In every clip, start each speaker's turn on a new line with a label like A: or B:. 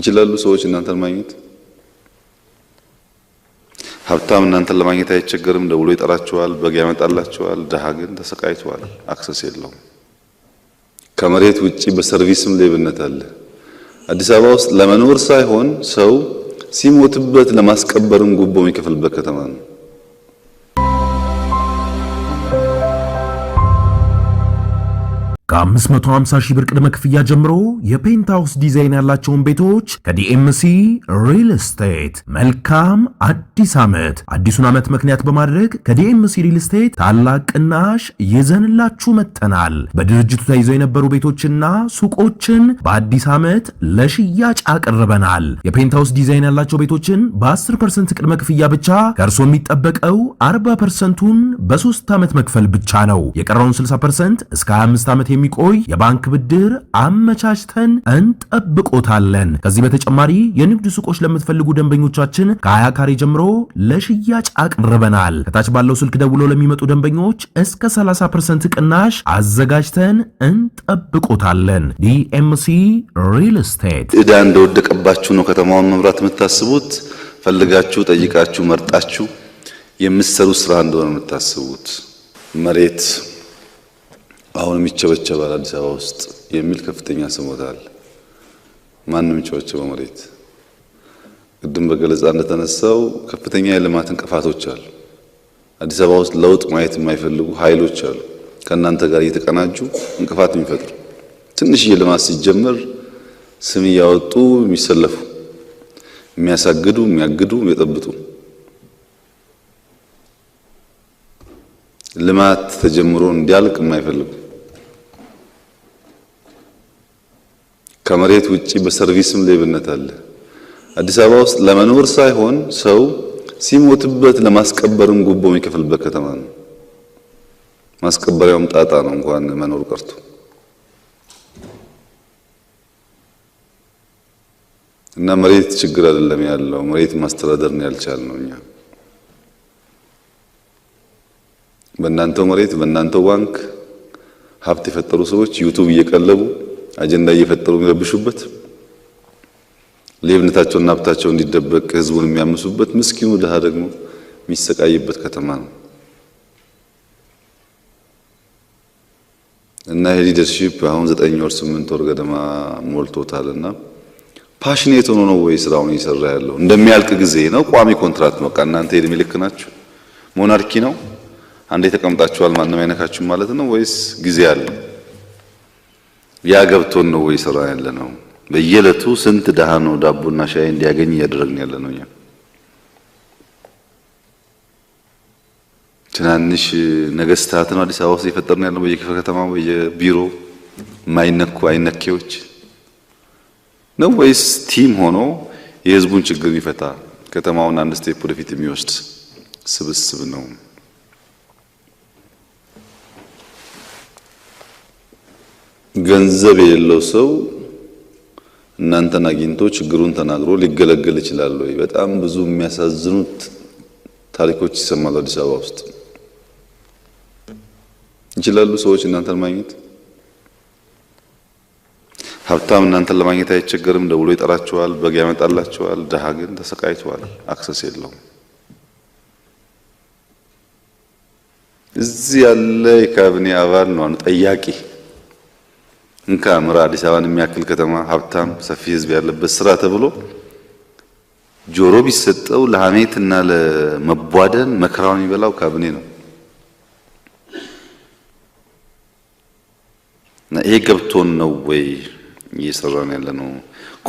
A: ይችላሉ ሰዎች እናንተን ማግኘት። ሀብታም እናንተን ለማግኘት አይቸገርም። ደውሎ ይጠራችኋል፣ በግ ያመጣላችኋል። ድሃ ግን ተሰቃይቷል፣ አክሰስ የለውም። ከመሬት ውጪ በሰርቪስም ሌብነት አለ። አዲስ አበባ ውስጥ ለመኖር ሳይሆን ሰው ሲሞትበት ለማስቀበርም ጉቦ የሚከፍልበት ከተማ ነው። ከ550 ሺህ ብር ቅድመ ክፍያ ጀምሮ የፔንታውስ ዲዛይን ያላቸውን ቤቶች ከዲኤምሲ ሪል ስቴት። መልካም አዲስ ዓመት! አዲሱን ዓመት ምክንያት በማድረግ ከዲኤምሲ ሪል ስቴት ታላቅ ቅናሽ ይዘንላችሁ መጥተናል። በድርጅቱ ተይዘው የነበሩ ቤቶችና ሱቆችን በአዲስ ዓመት ለሽያጭ አቅርበናል። የፔንታውስ ዲዛይን ያላቸው ቤቶችን በ10 ፐርሰንት ቅድመ ክፍያ ብቻ ከእርሶ የሚጠበቀው 40 ፐርሰንቱን በ3 ዓመት መክፈል ብቻ ነው። የቀረውን 60 ፐርሰንት እስከ 25 ዓመት የሚቆይ የባንክ ብድር አመቻችተን እንጠብቆታለን። ከዚህ በተጨማሪ የንግድ ሱቆች ለምትፈልጉ ደንበኞቻችን ከሀያ ካሬ ጀምሮ ለሽያጭ አቅርበናል። ከታች ባለው ስልክ ደውሎ ለሚመጡ ደንበኞች እስከ 30 ፐርሰንት ቅናሽ አዘጋጅተን እንጠብቆታለን። ዲኤምሲ ሪል ስቴት። እዳ እንደወደቀባችሁ ነው ከተማውን መምራት የምታስቡት ፈልጋችሁ ጠይቃችሁ መርጣችሁ የምሰሩ ስራ እንደሆነ የምታስቡት መሬት አሁንም ይቸበቸባል አዲስ አበባ ውስጥ የሚል ከፍተኛ ስሞት አለ። ማንም ይቸበቸበው መሬት ቅድም በገለጻ እንደተነሳው ከፍተኛ የልማት እንቅፋቶች አሉ። አዲስ አበባ ውስጥ ለውጥ ማየት የማይፈልጉ ኃይሎች አሉ፣ ከእናንተ ጋር እየተቀናጁ እንቅፋት የሚፈጥሩ ትንሽዬ ልማት ሲጀመር ስም እያወጡ የሚሰለፉ የሚያሳግዱ፣ የሚያግዱ፣ የሚጠብጡ ልማት ተጀምሮ እንዲያልቅ የማይፈልጉ ከመሬት ውጪ በሰርቪስም ሌብነት አለ። አዲስ አበባ ውስጥ ለመኖር ሳይሆን ሰው ሲሞትበት ለማስቀበርም ጉቦ የሚከፍልበት ከተማ ነው። ማስቀበሪያውም ጣጣ ነው፣ እንኳን መኖር ቀርቶ። እና መሬት ችግር አይደለም ያለው፣ መሬት ማስተዳደር ነው ያልቻልነው እኛ። በእናንተው መሬት በእናንተው ባንክ ሀብት የፈጠሩ ሰዎች ዩቱብ እየቀለቡ አጀንዳ እየፈጠሩ የሚረብሹበት ሌብነታቸውና ሀብታቸው እንዲደበቅ ህዝቡን የሚያምሱበት ምስኪኑ ድሃ ደግሞ የሚሰቃይበት ከተማ ነው እና ይሄ ሊደርሺፕ አሁን ዘጠኝ ወር ስምንት ወር ገደማ ሞልቶታል እና ፓሽኔት ሆኖ ነው ወይ ስራውን እየሰራ ያለው? እንደሚያልቅ ጊዜ ነው ቋሚ ኮንትራት ነው። በቃ እናንተ የእድሜ ልክ ናችሁ። ሞናርኪ ነው። አንዴ ተቀምጣችኋል፣ ማንም አይነካችሁም ማለት ነው ወይስ ጊዜ አለው? ያ ገብቶን ነው ወይ ሰራ ያለ ነው? ስንት ደሃ ነው ዳቦና ሻይ እንዲያገኝ እያደረግን ያለ ነው? እኛ ትናንሽ ነገስታት ነው አዲስ አበባ ውስጥ እየፈጠርን ያለው በየክፍለ ከተማ በየቢሮ ማይነኩ አይነኬዎች ነው ወይስ ቲም ሆኖ የህዝቡን ችግር የሚፈታ ከተማውን አንድ ስቴፕ ወደፊት የሚወስድ ስብስብ ነው? ገንዘብ የሌለው ሰው እናንተን አግኝቶ ችግሩን ተናግሮ ሊገለገል ይችላል ወይ? በጣም ብዙ የሚያሳዝኑት ታሪኮች ይሰማሉ። አዲስ አበባ ውስጥ ይችላሉ ሰዎች እናንተን ማግኘት። ሀብታም እናንተን ለማግኘት አይቸገርም። ደውሎ ይጠራችኋል፣ በግ ያመጣላችኋል። ድሃ ግን ተሰቃይተዋል፣ አክሰስ የለውም። እዚህ ያለ የካቢኔ አባል ነው ጠያቂ እንካ ምራ አዲስ አበባን የሚያክል ከተማ ሀብታም ሰፊ ህዝብ ያለበት ስራ ተብሎ ጆሮ ቢሰጠው ለሀሜትና ለመቧደን መከራውን የሚበላው ካቢኔ ነው። እና ይሄ ገብቶን ነው ወይ እየሰራን ያለ ነው?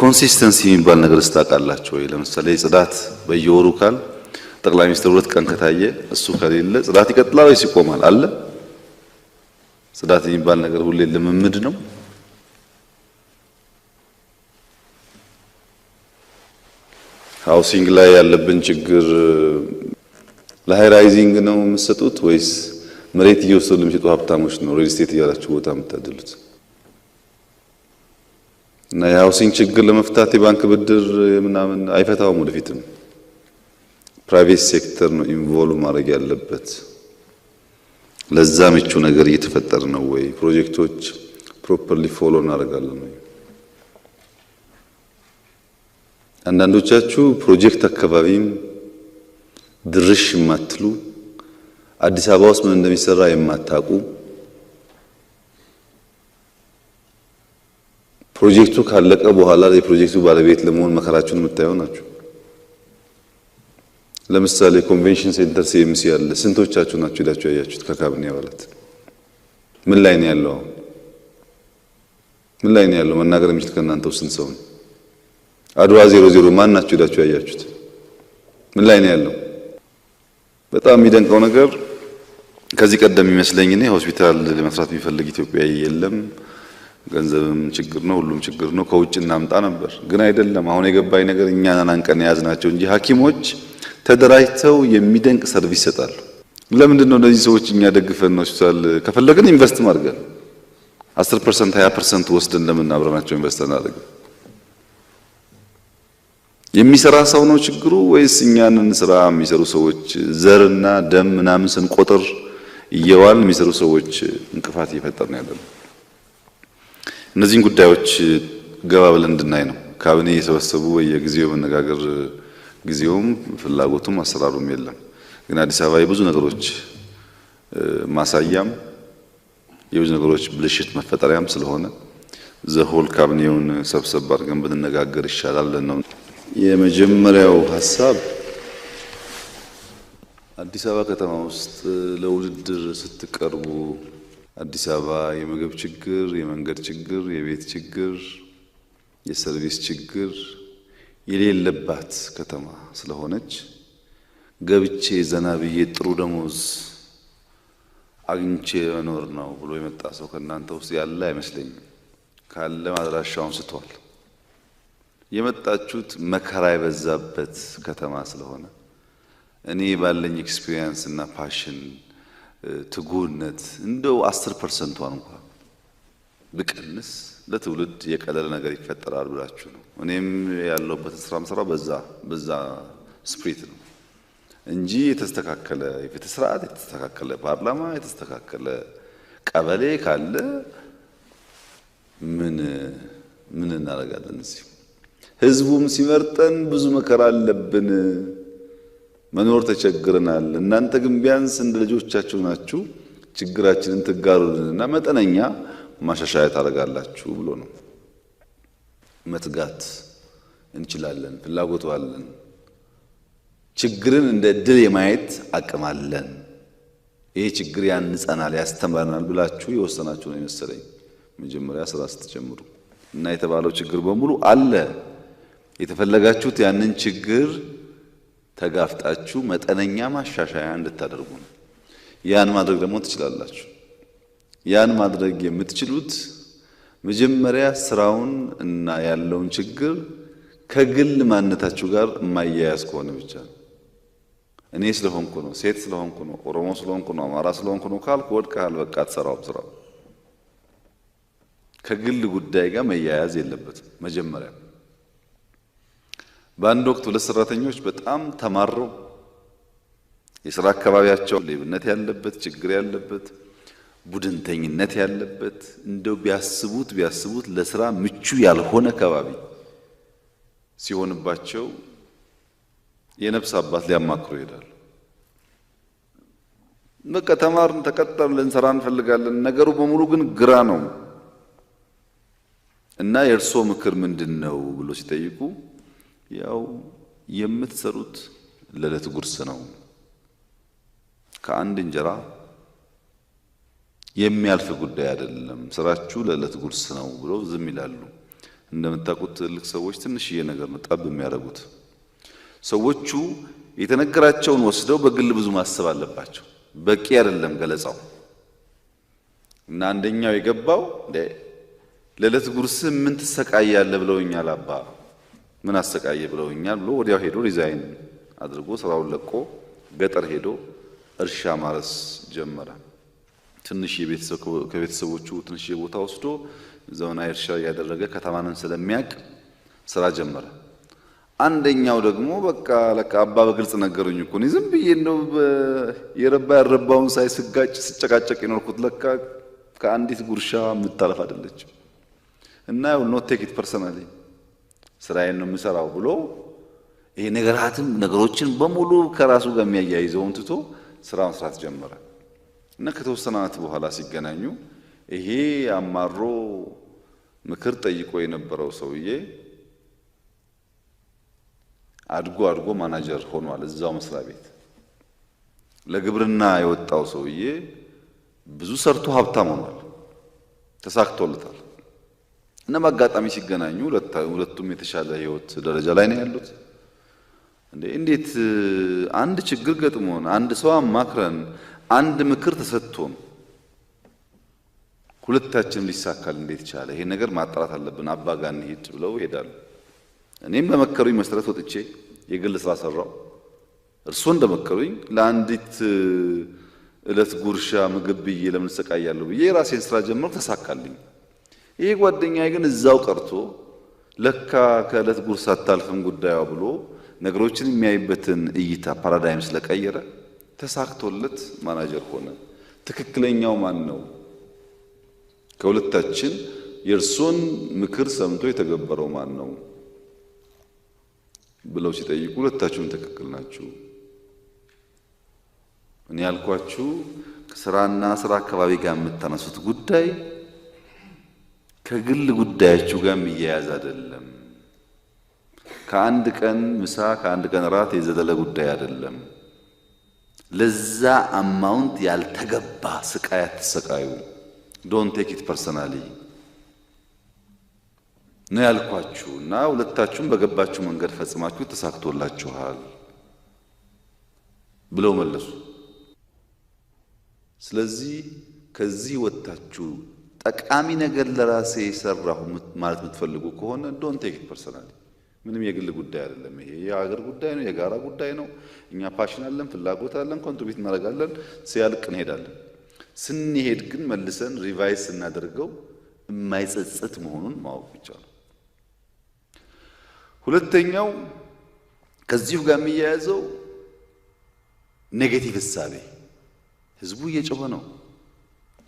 A: ኮንሲስተንሲ የሚባል ነገር ስታውቃላችሁ ወይ? ለምሳሌ ጽዳት በየወሩ ካል ጠቅላይ ሚኒስትር ሁለት ቀን ከታየ እሱ ከሌለ ጽዳት ይቀጥላል ወይስ ይቆማል? አለ ጽዳት የሚባል ነገር ሁሌ ልምምድ ነው። ሃውሲንግ ላይ ያለብን ችግር ለሃይ ራይዚንግ ነው የምትሰጡት ወይስ መሬት እየወሰዱ ለሚሸጡ ሀብታሞች ነው ሪል ስቴት እያላችሁ ቦታ የምታደሉት? እና የሃውሲንግ ችግር ለመፍታት የባንክ ብድር ምናምን አይፈታውም። ወደፊትም ፕራይቬት ሴክተር ነው ኢንቮልቭ ማድረግ ያለበት። ለዛ ምቹ ነገር እየተፈጠረ ነው ወይ? ፕሮጀክቶች ፕሮፐርሊ ፎሎ እናደርጋለን ወይ? አንዳንዶቻችሁ ፕሮጀክት አካባቢም ድርሽ የማትሉ አዲስ አበባ ውስጥ ምን እንደሚሰራ የማታውቁ ፕሮጀክቱ ካለቀ በኋላ የፕሮጀክቱ ባለቤት ለመሆን መከራችሁን የምታየው ናቸው። ለምሳሌ ኮንቬንሽን ሴንተር ሲኤምሲ ያለ ስንቶቻችሁ ናችሁ ሄዳችሁ ያያችሁት? ከካቢኔ አባላት ምን ላይ ነው ያለው? ምን ላይ ነው ያለው? መናገር የሚችል ከእናንተ ስንት ሰው ነው? አድዋ ዜሮ ዜሮ ማን ናችሁ ሄዳችሁ ያያችሁት? ምን ላይ ነው ያለው? በጣም የሚደንቀው ነገር ከዚህ ቀደም የሚመስለኝ እኔ ሆስፒታል ለመስራት የሚፈልግ ኢትዮጵያዊ የለም፣ ገንዘብም ችግር ነው፣ ሁሉም ችግር ነው፣ ከውጭ እናምጣ ነበር። ግን አይደለም። አሁን የገባኝ ነገር እኛን አንቀን የያዝ ናቸው እንጂ ሐኪሞች ተደራጅተው የሚደንቅ ሰርቪስ ይሰጣሉ። ለምንድን ነው እነዚህ ሰዎች እኛ ደግፈን ሆስፒታል ከፈለግን ኢንቨስት ማድርገን አስር ፐርሰንት ሀያ ፐርሰንት ወስደን ለምን አብረናቸው ኢንቨስት አናደርግም? የሚሰራ ሰው ነው ችግሩ ወይስ እኛንን ስራ የሚሰሩ ሰዎች ዘርና ደም ምናምን ስንቆጥር እየዋል የሚሰሩ ሰዎች እንቅፋት እየፈጠር ነው ያለነው? እነዚህን ጉዳዮች ገባ ብለን እንድናይ ነው ካቢኔ የሰበሰቡ በየጊዜው መነጋገር ጊዜውም ፍላጎቱም አሰራሩም የለም። ግን አዲስ አበባ የብዙ ነገሮች ማሳያም የብዙ ነገሮች ብልሽት መፈጠሪያም ስለሆነ ዘሆል ካቢኔውን ሰብሰብ አድርገን ብንነጋገር ይሻላል ነው። የመጀመሪያው ሀሳብ አዲስ አበባ ከተማ ውስጥ ለውድድር ስትቀርቡ አዲስ አበባ የምግብ ችግር፣ የመንገድ ችግር፣ የቤት ችግር፣ የሰርቪስ ችግር የሌለባት ከተማ ስለሆነች ገብቼ ዘና ብዬ ጥሩ ደሞዝ አግኝቼ መኖር ነው ብሎ የመጣ ሰው ከእናንተ ውስጥ ያለ አይመስለኝም። ካለም አድራሻውን ስቷል። የመጣችሁት መከራ የበዛበት ከተማ ስለሆነ እኔ ባለኝ ኤክስፒሪየንስ እና ፓሽን ትጉነት እንደው አስር ፐርሰንቷን እንኳ ብቀንስ ለትውልድ የቀለለ ነገር ይፈጠራል ብላችሁ ነው። እኔም ያለሁበትን ስራ ምሰራ በዛ በዛ ስፕሪት ነው እንጂ የተስተካከለ የፍትህ ስርዓት፣ የተስተካከለ ፓርላማ፣ የተስተካከለ ቀበሌ ካለ ምን ምን እናደርጋለን እዚህ ህዝቡም ሲመርጠን ብዙ መከራ አለብን፣ መኖር ተቸግረናል። እናንተ ግን ቢያንስ እንደ ልጆቻችሁ ናችሁ፣ ችግራችንን ትጋሩልንና መጠነኛ ማሻሻያ ታደርጋላችሁ ብሎ ነው። መትጋት እንችላለን፣ ፍላጎቱ አለን፣ ችግርን እንደ እድል የማየት አቅም አለን። ይሄ ችግር ያንጸናል፣ ያስተምረናል ብላችሁ የወሰናችሁ ነው የመሰለኝ መጀመሪያ ስራ ስትጀምሩ እና የተባለው ችግር በሙሉ አለ። የተፈለጋችሁት ያንን ችግር ተጋፍጣችሁ መጠነኛ ማሻሻያ እንድታደርጉ ነው። ያን ማድረግ ደግሞ ትችላላችሁ። ያን ማድረግ የምትችሉት መጀመሪያ ስራውን እና ያለውን ችግር ከግል ማንነታችሁ ጋር የማያያዝ ከሆነ ብቻ ነው። እኔ ስለሆንኩ ነው፣ ሴት ስለሆንኩ ነው፣ ኦሮሞ ስለሆንኩ ነው፣ አማራ ስለሆንኩ ነው ካልኩ ወድቀሃል። በቃ አትሰራውም። ስራው ከግል ጉዳይ ጋር መያያዝ የለበትም መጀመሪያ በአንድ ወቅት ሁለት ሰራተኞች በጣም ተማረው የስራ አካባቢያቸው ሌብነት ያለበት ችግር ያለበት ቡድንተኝነት ያለበት እንደው ቢያስቡት ቢያስቡት ለስራ ምቹ ያልሆነ ከባቢ ሲሆንባቸው የነፍስ አባት ሊያማክሩ ይሄዳሉ። በቃ ተማርን፣ ተቀጠርን፣ ልንሰራ እንፈልጋለን። ነገሩ በሙሉ ግን ግራ ነው እና የእርስዎ ምክር ምንድን ነው ብሎ ሲጠይቁ ያው የምትሰሩት ለዕለት ጉርስ ነው። ከአንድ እንጀራ የሚያልፍ ጉዳይ አይደለም። ስራችሁ ለዕለት ጉርስ ነው ብሎ ዝም ይላሉ። እንደምታውቁት ትልቅ ሰዎች ትንሽዬ ነገር ነው ጣብ የሚያደርጉት። ሰዎቹ የተነገራቸውን ወስደው በግል ብዙ ማሰብ አለባቸው። በቂ አይደለም ገለጻው እና አንደኛው የገባው ለዕለት ጉርስ ምን ትሰቃያለህ ብለውኛል አባ ምን አሰቃየ ብለውኛል ብሎ ወዲያው ሄዶ ሪዛይን አድርጎ ስራውን ለቆ ገጠር ሄዶ እርሻ ማረስ ጀመረ። ትንሽ ከቤተሰቦቹ ትንሽ ቦታ ወስዶ ዘመናዊ እርሻ እያደረገ ከተማንን ስለሚያውቅ ስራ ጀመረ። አንደኛው ደግሞ በቃ ለካ አባ በግልጽ ነገሩኝ እኮ እኔ ዝም ብዬ እንደው የረባ ያረባውን ሳይ ስጋጭ ስጨቃጨቅ የኖርኩት ለካ ከአንዲት ጉርሻ የምታለፍ አይደለችም እና ኖት ቴክ ኢት ፐርሰናሊ ስራዬን ነው የምሰራው ብሎ ይሄ ነገራትም ነገሮችን በሙሉ ከራሱ ጋር የሚያያይዘውን ትቶ ስራ መስራት ጀመረ እና ከተወሰነ ዓመት በኋላ ሲገናኙ ይሄ አማሮ ምክር ጠይቆ የነበረው ሰውዬ አድጎ አድጎ ማናጀር ሆኗል እዛው መስሪያ ቤት። ለግብርና የወጣው ሰውዬ ብዙ ሰርቶ ሀብታም ሆኗል፣ ተሳክቶለታል። እና በአጋጣሚ ሲገናኙ ሁለቱም የተሻለ ህይወት ደረጃ ላይ ነው ያሉት። እንዴት አንድ ችግር ገጥሞን አንድ ሰው አማክረን አንድ ምክር ተሰጥቶን ሁለታችንም ሊሳካል እንዴት ቻለ? ይሄ ነገር ማጣራት አለብን፣ አባ ጋር እንሂድ ብለው ይሄዳሉ። እኔም በመከሩኝ መሰረት ወጥቼ የግል ስራ ሰራው። እርሶ እንደመከሩኝ ለአንዲት እለት ጉርሻ ምግብ ብዬ ለምን ሰቃያለሁ ብዬ የራሴን ስራ ጀምር ተሳካልኝ። ይህ ጓደኛ ግን እዛው ቀርቶ ለካ ከእለት ጉርስ አታልፍም ጉዳዩ ብሎ ነገሮችን የሚያይበትን እይታ ፓራዳይም ስለቀየረ ተሳክቶለት ማናጀር ሆነ። ትክክለኛው ማን ነው? ከሁለታችን የእርሱን ምክር ሰምቶ የተገበረው ማን ነው ብለው ሲጠይቁ ሁለታችሁም ትክክል ናችሁ። እኔ ያልኳችሁ ስራና ስራ አካባቢ ጋር የምታነሱት ጉዳይ ከግል ጉዳያችሁ ጋር የሚያያዝ አይደለም። ከአንድ ቀን ምሳ፣ ከአንድ ቀን እራት የዘለለ ጉዳይ አይደለም። ለዛ አማውንት ያልተገባ ስቃይ አትሰቃዩ። ዶን ቴክ ኢት ፐርሰናሊ ነው ያልኳችሁ እና ሁለታችሁም በገባችሁ መንገድ ፈጽማችሁ ተሳክቶላችኋል ብለው መለሱ። ስለዚህ ከዚህ ወጥታችሁ ጠቃሚ ነገር ለራሴ የሰራሁ ማለት የምትፈልጉ ከሆነ ዶን ቴክ ፐርሰናል። ምንም የግል ጉዳይ አይደለም። ይሄ የሀገር ጉዳይ ነው፣ የጋራ ጉዳይ ነው። እኛ ፓሽን አለን፣ ፍላጎት አለን፣ ኮንትሪቢዩት እናደርጋለን። ሲያልቅ እንሄዳለን። ስንሄድ ግን መልሰን ሪቫይዝ ስናደርገው የማይጸጸት መሆኑን ማወቅ ብቻ ነው። ሁለተኛው ከዚሁ ጋር የሚያያዘው ኔጌቲቭ እሳቤ። ህዝቡ እየጮኸ ነው፣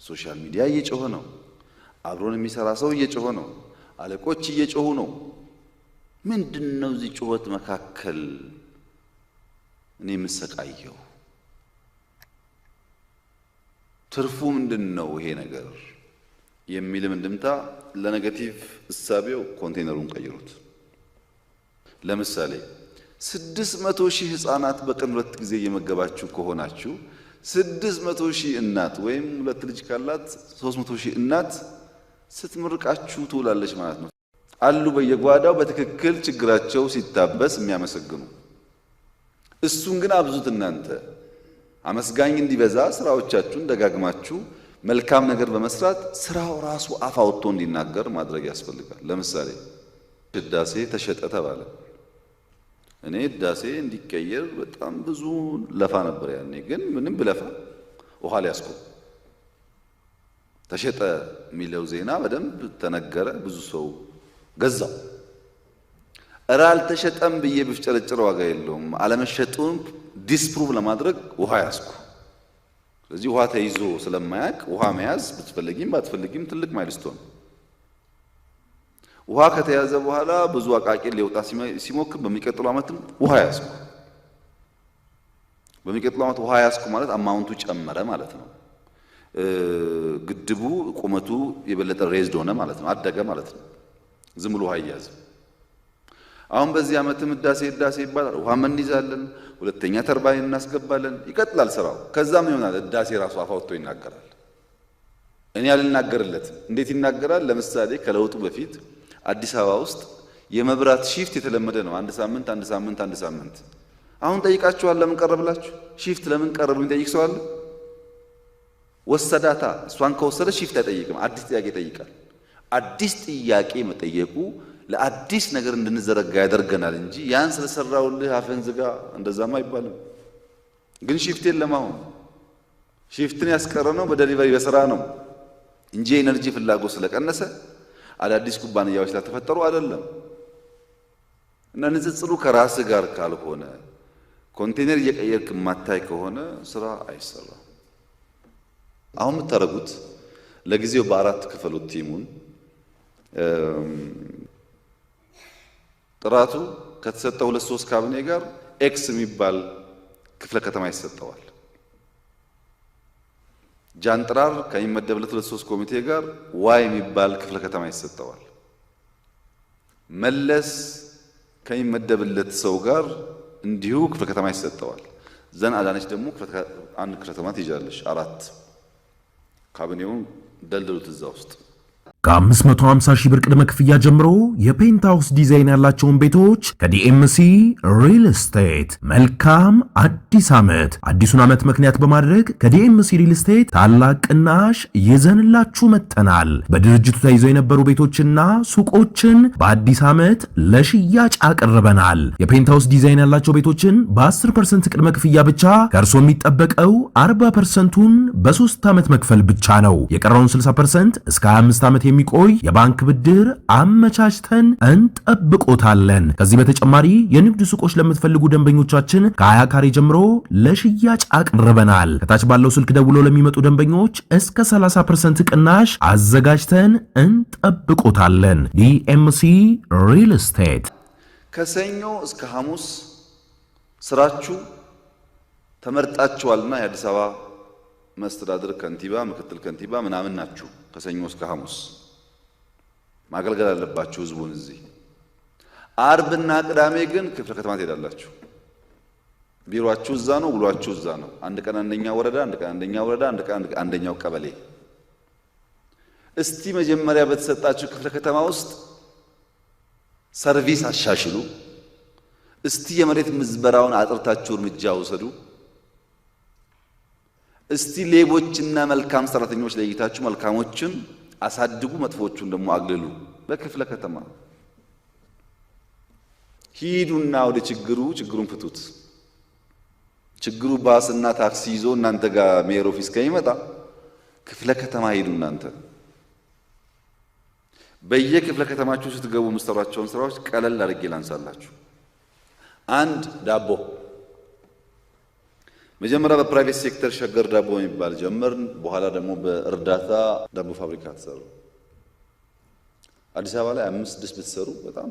A: ሶሻል ሚዲያ እየጮኸ ነው። አብሮን የሚሰራ ሰው እየጮኸ ነው። አለቆች እየጮሁ ነው። ምንድን ነው እዚህ ጩኸት መካከል እኔ የምሰቃየው? ትርፉ ምንድን ነው ይሄ ነገር የሚልም እንድምታ ለኔጋቲቭ እሳቤው ኮንቴነሩን ቀይሩት። ለምሳሌ ስድስት መቶ ሺህ ህፃናት በቀን ሁለት ጊዜ እየመገባችሁ ከሆናችሁ ስድስት መቶ ሺህ እናት ወይም ሁለት ልጅ ካላት ሶስት መቶ ሺህ እናት ስትምርቃችሁ ትውላለች ማለት ነው። አሉ በየጓዳው በትክክል ችግራቸው ሲታበስ የሚያመሰግኑ እሱን ግን አብዙት። እናንተ አመስጋኝ እንዲበዛ ስራዎቻችሁን ደጋግማችሁ መልካም ነገር በመስራት ስራው ራሱ አፍ አውጥቶ እንዲናገር ማድረግ ያስፈልጋል። ለምሳሌ ህዳሴ ተሸጠ ተባለ። እኔ ህዳሴ እንዲቀየር በጣም ብዙ ለፋ ነበር ያኔ። ግን ምንም ብለፋ ውሃ ሊያስቆም ተሸጠ የሚለው ዜና በደንብ ተነገረ። ብዙ ሰው ገዛው። እረ አልተሸጠም ብዬ ብፍጨረጭር ዋጋ የለውም። አለመሸጡን ዲስፕሩቭ ለማድረግ ውሃ ያዝኩ። ስለዚህ ውሃ ተይዞ ስለማያውቅ ውሃ መያዝ ብትፈልጊም ባትፈልጊም ትልቅ ማይልስቶን ውሃ ከተያዘ በኋላ ብዙ አቃቂ ሊወጣ ሲሞክር በሚቀጥሉ ዓመትም ውሃ ያዝኩ። በሚቀጥሉ ዓመት ውሃ ያዝኩ ማለት አማውንቱ ጨመረ ማለት ነው። ግድቡ ቁመቱ የበለጠ ሬዝድ ሆነ ማለት ነው፣ አደገ ማለት ነው። ዝም ብሎ ውሃ አያያዝም። አሁን በዚህ ዓመትም ህዳሴ ህዳሴ ይባላል። ውሃም እንይዛለን፣ ሁለተኛ ተርባይን እናስገባለን። ይቀጥላል ስራው። ከዛም ይሆናል ህዳሴ ራሱ አፍ ይናገራል። እኔ አልናገርለትም። እንዴት ይናገራል? ለምሳሌ ከለውጡ በፊት አዲስ አበባ ውስጥ የመብራት ሺፍት የተለመደ ነው። አንድ ሳምንት አንድ ሳምንት አንድ ሳምንት። አሁን ጠይቃችኋል? ለምን ቀረ ሺፍት ለምን ቀረብ ጠይቅ የሚጠይቅ ሰው አለ? ወሰዳታ እሷን ከወሰደች ሽፍት አይጠይቅም፣ አዲስ ጥያቄ ይጠይቃል። አዲስ ጥያቄ መጠየቁ ለአዲስ ነገር እንድንዘረጋ ያደርገናል እንጂ ያን ስለሰራውልህ አፈን ዝጋ እንደዛማ አይባልም። ግን ሽፍቴን ለማሆን ሽፍትን ያስቀረ ነው በደሊቨሪ በስራ ነው እንጂ የኤነርጂ ፍላጎት ስለቀነሰ አዳዲስ ኩባንያዎች ስላልተፈጠሩ አይደለም። እና ንጽጽሩ ከራስህ ጋር ካልሆነ ኮንቴነር እየቀየርክ የማታይ ከሆነ ስራ አይሰራም። አሁን የምታደርጉት ለጊዜው በአራት ክፈሉት ቲሙን። ጥራቱ ከተሰጠው ሁለት ሶስት ካቢኔ ጋር ኤክስ የሚባል ክፍለ ከተማ ይሰጠዋል። ጃንጥራር ከሚመደብለት ሁለት ሶስት ኮሚቴ ጋር ዋይ የሚባል ክፍለ ከተማ ይሰጠዋል። መለስ ከሚመደብለት ሰው ጋር እንዲሁ ክፍለ ከተማ ይሰጠዋል። ዘን አዳነች ደግሞ አንድ ክፍለ ከተማ ትይዛለች። አራት ካቢኔውን ደልድሉት እዛ ውስጥ ከ550 ሺህ ብር ቅድመ ክፍያ ጀምሮ የፔንታውስ ዲዛይን ያላቸውን ቤቶች ከዲኤምሲ ሪል ስቴት። መልካም አዲስ ዓመት! አዲሱን ዓመት ምክንያት በማድረግ ከዲኤምሲ ሪል ስቴት ታላቅ ቅናሽ ይዘንላችሁ መጥተናል። በድርጅቱ ተይዘው የነበሩ ቤቶችና ሱቆችን በአዲስ ዓመት ለሽያጭ አቅርበናል። የፔንታውስ ዲዛይን ያላቸው ቤቶችን በ10 ፐርሰንት ቅድመ ክፍያ ብቻ ከእርሶ የሚጠበቀው 40 ፐርሰንቱን በሶስት ዓመት መክፈል ብቻ ነው። የቀረውን 60 ፐርሰንት እስከ 25 ዓመት የሚቆይ የባንክ ብድር አመቻችተን እንጠብቆታለን። ከዚህ በተጨማሪ የንግድ ሱቆች ለምትፈልጉ ደንበኞቻችን ከሀያ ካሬ ጀምሮ ለሽያጭ አቅርበናል። ከታች ባለው ስልክ ደውሎ ለሚመጡ ደንበኞች እስከ 30 ቅናሽ አዘጋጅተን እንጠብቆታለን። ዲኤምሲ ሪል ስቴት ከሰኞ እስከ ሐሙስ ስራችሁ ተመርጣችኋልና የአዲስ አበባ መስተዳድር ከንቲባ፣ ምክትል ከንቲባ ምናምን ናችሁ። ከሰኞ እስከ ሐሙስ ማገልገል አለባችሁ ህዝቡን። እዚህ አርብና ቅዳሜ ግን ክፍለ ከተማ ትሄዳላችሁ። ቢሮአችሁ እዛ ነው፣ ውሏችሁ እዛ ነው። አንድ ቀን አንደኛ ወረዳ፣ አንድ ቀን አንደኛ ወረዳ፣ አንድ ቀን አንደኛው ቀበሌ። እስቲ መጀመሪያ በተሰጣችሁ ክፍለ ከተማ ውስጥ ሰርቪስ አሻሽሉ። እስቲ የመሬት ምዝበራውን አጥርታችሁ እርምጃ ውሰዱ። እስቲ ሌቦችና መልካም ሰራተኞች ለይታችሁ መልካሞችን አሳድጉ፣ መጥፎቹን ደግሞ አግልሉ። በክፍለ ከተማ ሂዱና ወደ ችግሩ ችግሩን ፍቱት። ችግሩ ባስና ታክሲ ይዞ እናንተ ጋር ሜየር ኦፊስ ከሚመጣ ክፍለ ከተማ ሂዱ። እናንተ በየክፍለ ከተማችሁ ስትገቡ የምትሰሯቸውን ስራዎች ቀለል አድርጌ ላንሳላችሁ። አንድ ዳቦ መጀመሪያ በፕራይቬት ሴክተር ሸገር ዳቦ የሚባል ጀመርን። በኋላ ደግሞ በእርዳታ ዳቦ ፋብሪካ ተሰሩ። አዲስ አበባ ላይ አምስት ስድስት ብትሰሩ በጣም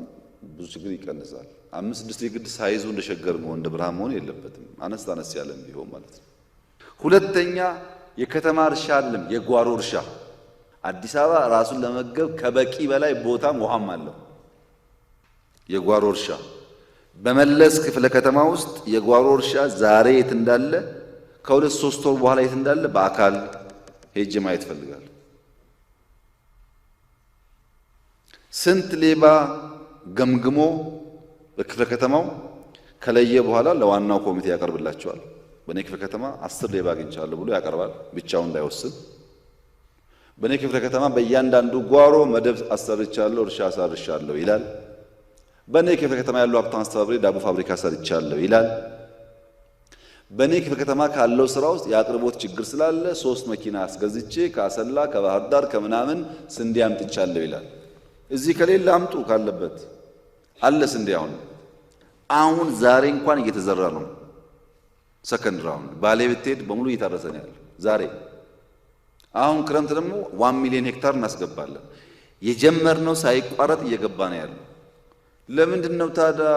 A: ብዙ ችግር ይቀንሳል። አምስት ስድስት የግድ ሳይዙ እንደ ሸገር መሆን እንደ ብርሃን መሆን የለበትም። አነስ አነስ ያለም ቢሆን ማለት ነው። ሁለተኛ የከተማ እርሻ አለም የጓሮ እርሻ አዲስ አበባ ራሱን ለመገብ ከበቂ በላይ ቦታም ውሃም አለው። የጓሮ እርሻ በመለስ ክፍለ ከተማ ውስጥ የጓሮ እርሻ ዛሬ የት እንዳለ ከሁለት ሶስት ወር በኋላ የት እንዳለ በአካል ሄጅ ማየት እፈልጋለሁ። ስንት ሌባ ገምግሞ በክፍለ ከተማው ከለየ በኋላ ለዋናው ኮሚቴ ያቀርብላቸዋል። በእኔ ክፍለ ከተማ አስር ሌባ አግኝቻለሁ ብሎ ያቀርባል፣ ብቻውን እንዳይወስን። በእኔ ክፍለ ከተማ በእያንዳንዱ ጓሮ መደብ አሰርቻለሁ፣ እርሻ አሳርሻለሁ ይላል። በእኔ ክፍለ ከተማ ያለው ሀብታም አስተባባሪ ዳቦ ፋብሪካ ሰርቻለሁ ይላል። በእኔ ክፍለ ከተማ ካለው ስራ ውስጥ የአቅርቦት ችግር ስላለ ሶስት መኪና አስገዝቼ ከአሰላ ከባህር ዳር ከምናምን ስንዴ አምጥቻለሁ ይላል። እዚህ ከሌለ አምጡ ካለበት አለ ስንዴ። አሁን አሁን ዛሬ እንኳን እየተዘራ ነው። ሰከንድ ራውንድ ባሌ ብትሄድ በሙሉ እየታረሰ ነው ዛሬ። አሁን ክረምት ደግሞ ዋን ሚሊዮን ሄክታር እናስገባለን። የጀመርነው ሳይቋረጥ እየገባ ነው ያለው። ለምንድን ነው ታዲያ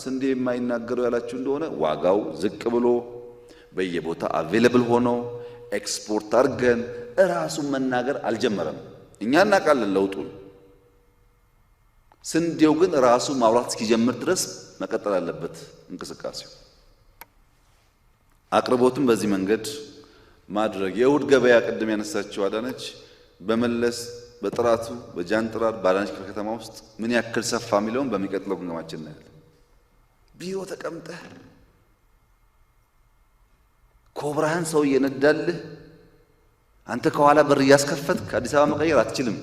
A: ስንዴ የማይናገረው ያላችሁ እንደሆነ ዋጋው ዝቅ ብሎ በየቦታ አቬለብል ሆኖ ኤክስፖርት አድርገን እራሱን መናገር አልጀመረም። እኛ እናውቃለን ለውጡን። ስንዴው ግን ራሱ ማውራት እስኪጀምር ድረስ መቀጠል አለበት እንቅስቃሴው። አቅርቦትም በዚህ መንገድ ማድረግ የእሁድ ገበያ ቅድም ያነሳችው አዳነች በመለስ በጥራቱ በጃንጥራር በአዳነች ክፍለ ከተማ ውስጥ ምን ያክል ሰፋ የሚለውን በሚቀጥለው ግምገማችን እናያለን። ቢሮ ተቀምጠህ ኮብራህን ሰው እየነዳልህ አንተ ከኋላ በር እያስከፈትክ አዲስ አበባ መቀየር አትችልም።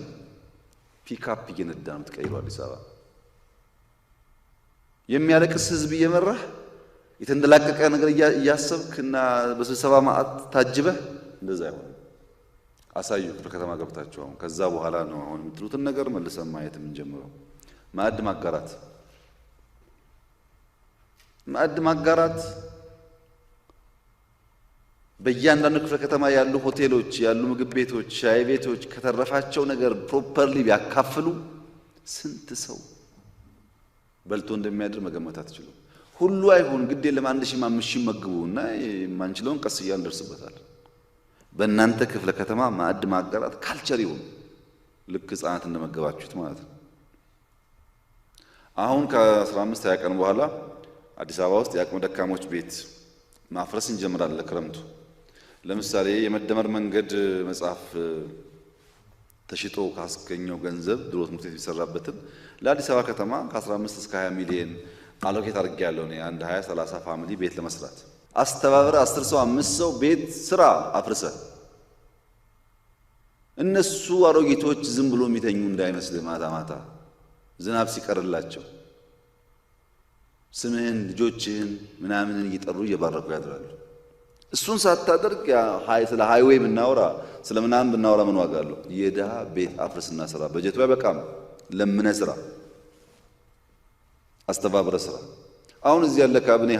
A: ፒክአፕ እየነዳ ነው ትቀይሩ አዲስ አበባ። የሚያለቅስ ህዝብ እየመራህ የተንደላቀቀ ነገር እያሰብክ እና በስብሰባ ማዕት ታጅበህ እንደዛ አይሆንም። አሳዩ። ክፍለ ከተማ ገብታችሁ አሁን ከዛ በኋላ ነው አሁን የምትሉትን ነገር መልሰን ማየት የምንጀምረው። ማዕድ ማጋራት ማዕድ ማጋራት በእያንዳንዱ ክፍለ ከተማ ያሉ ሆቴሎች፣ ያሉ ምግብ ቤቶች፣ ሻይ ቤቶች ከተረፋቸው ነገር ፕሮፐርሊ ቢያካፍሉ ስንት ሰው በልቶ እንደሚያድር መገመት አትችሉም። ሁሉ አይሆን ግዴ የለም። አንድ አምስት መግቡ እና የማንችለውን ቀስ እያን እንደርስበታል። በእናንተ ክፍለ ከተማ ማዕድ ማጋራት ካልቸር ይሁን። ልክ ህጻናት እንደመገባችሁት ማለት ነው። አሁን ከ15 20 ቀን በኋላ አዲስ አበባ ውስጥ የአቅመ ደካሞች ቤት ማፍረስ እንጀምራለን። ክረምቱ ለምሳሌ የመደመር መንገድ መጽሐፍ ተሽጦ ካስገኘው ገንዘብ ድሮ ትምህርት ቤት ለአዲስ አበባ ከተማ ከ15 እስከ 20 ሚሊዮን አሎኬት አድርጌ ያለው አንድ 20 30 ፋሚሊ ቤት ለመስራት አስተባብረ አስር ሰው አምስት ሰው ቤት ስራ አፍርሰ እነሱ አሮጊቶች ዝም ብሎ የሚተኙ እንዳይመስል ማታ ማታ ዝናብ ሲቀርላቸው ስምህን ልጆችህን ምናምንን እየጠሩ እየባረኩ ያድራሉ። እሱን ሳታደርግ ስለ ሃይዌይ ብናወራ ስለ ምናምን ብናወራ ምን ዋጋ አለው? የድሃ ቤት አፍርስና ስራ። በጀቱ አይበቃም፣ ለምነ ስራ፣ አስተባብረ ስራ። አሁን እዚህ ያለ ካቢኔ